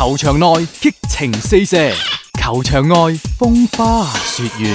球場內激情四射，球場外風花雪月。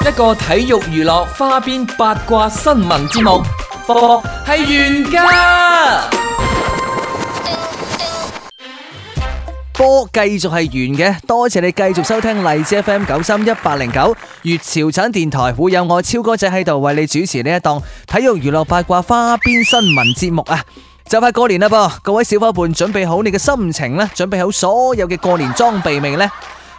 一個體育娛樂花邊八卦新聞節目，波係圓噶，波繼續係圓嘅。多謝你繼續收聽荔枝 FM 九三一八零九粵潮產電台，會有我釗哥仔喺度為你主持呢一檔體育娛樂八卦花邊新聞節目啊！就快過年啦噃，各位小伙伴準備好你嘅心情啦，準備好所有嘅過年裝備未呢？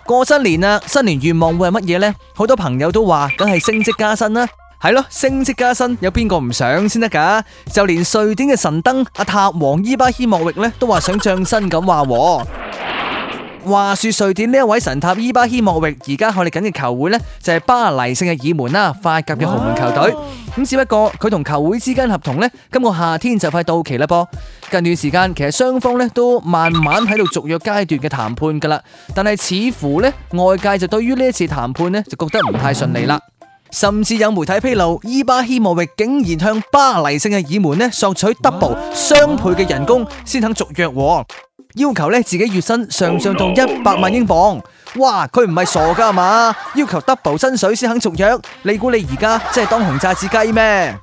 過新年啦，新年願望會係乜嘢呢？好多朋友都話，梗係升職加薪啦、啊。係咯，升職加薪，有邊個唔想先得噶？就連瑞典嘅神燈阿塔王伊巴希莫域呢都話想漲薪咁話。話說瑞典呢一位神塔伊巴希莫域，而家效力緊嘅球會呢，就係、是、巴黎聖日爾門啦，法甲嘅豪門球隊。咁只不過佢同球會之間合同呢，今個夏天就快到期啦噃，近段時間其實雙方呢都慢慢喺度續約階段嘅談判噶啦，但係似乎呢外界就對於呢一次談判呢，就覺得唔太順利啦，甚至有媒體披露伊巴希莫域竟然向巴黎聖日爾門呢索取 double 雙倍嘅人工先肯續約喎。要求咧，自己月薪上漲到一百萬英鎊，哇！佢唔係傻噶嘛？要求 double 薪水先肯續約，你估你而家即係當紅炸子雞咩？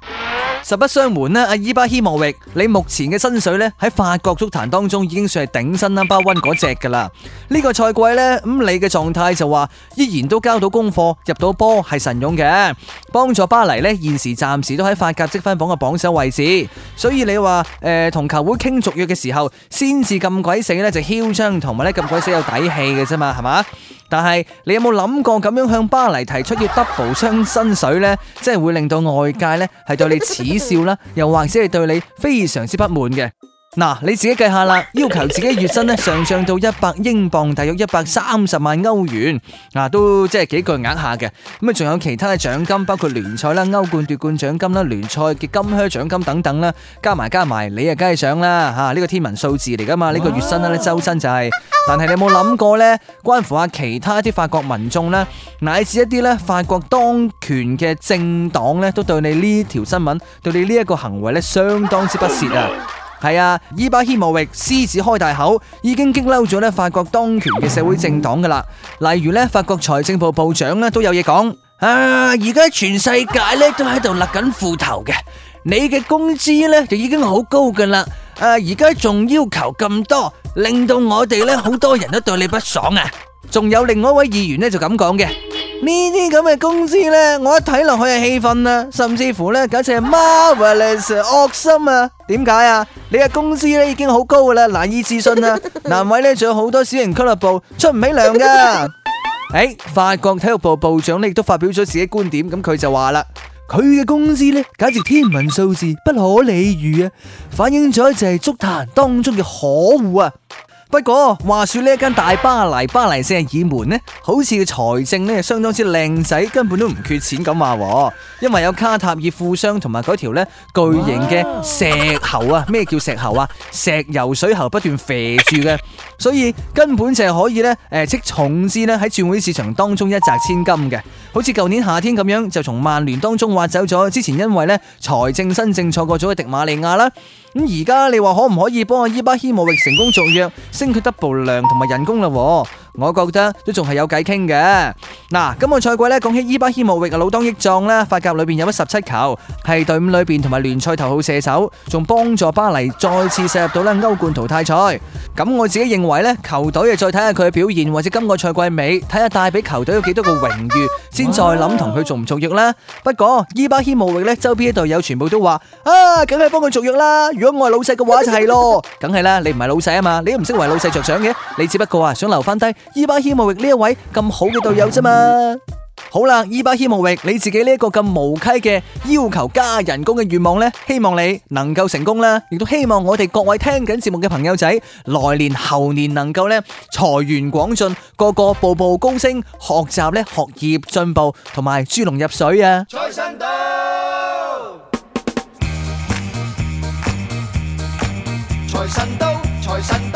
實不相瞞呢，阿伊巴希莫域，你目前嘅薪水呢，喺法國足壇當中已經算係頂薪啦，包溫嗰隻噶啦。呢個賽季呢，咁、嗯、你嘅狀態就話依然都交到功課，入到波係神勇嘅，幫助巴黎呢，現時暫時都喺法甲積分榜嘅榜首位置。所以你話誒同球會傾續約嘅時候，先至咁鬼死呢，就囂張，同埋呢咁鬼死有底氣嘅啫嘛，係嘛？但係，你有冇諗過咁樣向巴黎提出要 double 雙薪水呢？即係會令到外界呢係對你恥笑啦，又或者係對你非常之不滿嘅。嗱，你自己計下啦，要求自己月薪咧，上漲到一百英鎊，大約一百三十萬歐元，嗱、啊，都即係幾巨額下嘅。咁啊，仲有其他嘅獎金，包括聯賽啦、歐冠奪冠獎金啦、聯賽嘅金靴獎金等等啦，加埋加埋，你啊，梗係想啦吓，呢個天文數字嚟噶嘛，呢、這個月薪咧，周身就係、是。但係你有冇諗過呢，關乎下其他啲法國民眾啦，乃至一啲呢法國當權嘅政黨呢，都對你呢條新聞，對你呢一個行為呢，相當之不屑啊！係啊，伊巴希莫域獅子開大口，已經激嬲咗咧法國當權嘅社會政黨噶啦。例如咧，法國財政部部長咧都有嘢講啊，而家全世界咧都喺度勒緊褲頭嘅，你嘅工資咧就已經好高噶啦，啊而家仲要求咁多，令到我哋咧好多人都對你不爽啊。仲有另外一位議員咧就咁講嘅。呢啲咁嘅工資咧，我一睇落去係氣憤咧，甚至乎咧，簡直係 marvelous 惡心啊！點解啊？你嘅工資咧已經好高噶啦，難以置信啊！難為咧仲有好多小型俱樂部出唔起糧噶。誒，法國體育部部長咧亦都發表咗自己觀點，咁佢就話啦，佢嘅工資咧簡直天文數字，不可理喻啊！反映咗就係足壇當中嘅可惡啊！不過，話說呢一間大巴黎巴黎聖耳門呢，好似嘅財政呢相當之靚仔，根本都唔缺錢咁話，因為有卡塔爾富商同埋嗰條咧巨型嘅石猴石喉啊，咩叫石喉啊？石油水喉不斷肥住嘅，所以根本就係可以呢，誒，積重資咧喺轉會市場當中一擲千金嘅。好似舊年夏天咁樣，就從曼聯當中挖走咗之前因為咧財政新政錯過咗嘅迪馬利亞啦。咁而家你話可唔可以幫阿伊巴希莫域成功續約，升佢 double 糧同埋人工啦？我覺得都仲係有偈傾嘅。嗱，今個賽季咧，講起伊巴希慕域啊，老當益壯啦，法甲裏邊有咗十七球，係隊伍裏邊同埋聯賽頭號射手，仲幫助巴黎再次殺入到咧歐冠淘汰賽。咁我自己認為咧，球隊啊再睇下佢嘅表現，或者今個賽季尾睇下帶俾球隊有幾多個榮譽，先再諗同佢續唔續約啦。不過伊巴希慕域咧，周邊嘅隊友全部都話啊，梗係幫佢續約啦。如果我係老細嘅話就係咯，梗係啦，你唔係老細啊嘛，你都唔識為老細着想嘅，你只不過啊想留翻低。伊巴希慕域呢一位咁好嘅隊友啫嘛，好啦，伊巴希慕域你自己呢一個咁無稽嘅要求加人工嘅願望呢，希望你能夠成功啦，亦都希望我哋各位聽緊節目嘅朋友仔，來年後年能夠呢財源廣進，個個步步高升，學習呢學業進步，同埋豬籠入水啊！財神到，財神到，財神。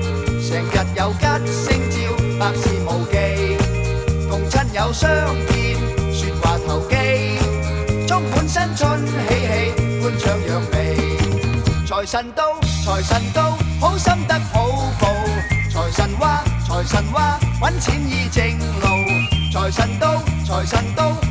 成日有吉星照，百事無忌，同親友相見，説話投機，充滿新春喜氣，歡暢揚眉。財神到，財神到，好心得好報。財神話，財神話，揾錢依正路。財神到，財神到。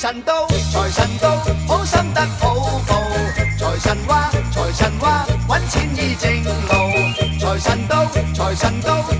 財神到，財神到，好心得好報。財神話，財神話，揾錢依正路。財神到，財神到。